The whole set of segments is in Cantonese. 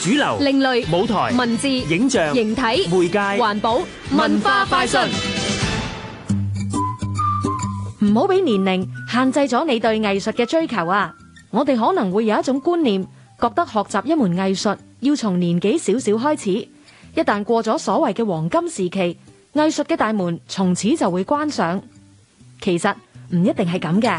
主流、另類、舞台、文字、影像、形體、媒介、環保、文化快訊。唔好俾年齡限制咗你對藝術嘅追求啊！我哋可能會有一種觀念，覺得學習一門藝術要從年紀少少開始，一旦過咗所謂嘅黃金時期，藝術嘅大門從此就會關上。其實唔一定係咁嘅。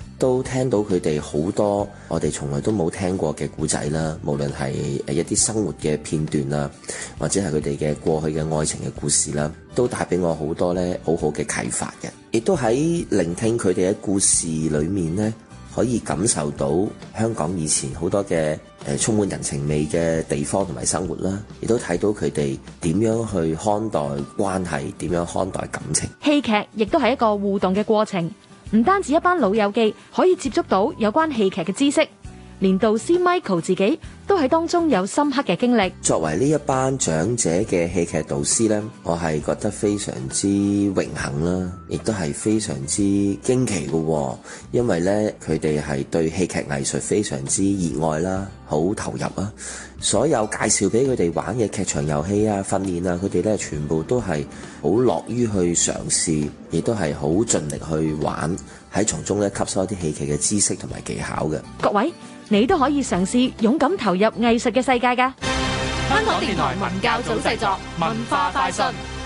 都聽到佢哋好多我哋從來都冇聽過嘅故仔啦，無論係誒一啲生活嘅片段啦，或者係佢哋嘅過去嘅愛情嘅故事啦，都帶俾我好多呢好好嘅啟發嘅，亦都喺聆聽佢哋嘅故事裏面呢，可以感受到香港以前好多嘅誒充滿人情味嘅地方同埋生活啦，亦都睇到佢哋點樣去看待關係，點樣看待感情。戲劇亦都係一個互動嘅過程。唔單止一班老友記可以接觸到有關戲劇嘅知識，連導師 Michael 自己，都喺當中有深刻嘅經歷。作為呢一班長者嘅戲劇導師呢，我係覺得非常之榮幸啦，亦都係非常之驚奇嘅。因為呢，佢哋係對戲劇藝術非常之熱愛啦，好投入啊！所有介紹俾佢哋玩嘅劇場遊戲啊、訓練啊，佢哋呢全部都係好樂於去嘗試，亦都係好盡力去玩，喺從中咧吸收一啲戲劇嘅知識同埋技巧嘅。各位，你都可以嘗試勇敢投入。入藝術嘅世界㗎！香港電台文教組製作文化快訊。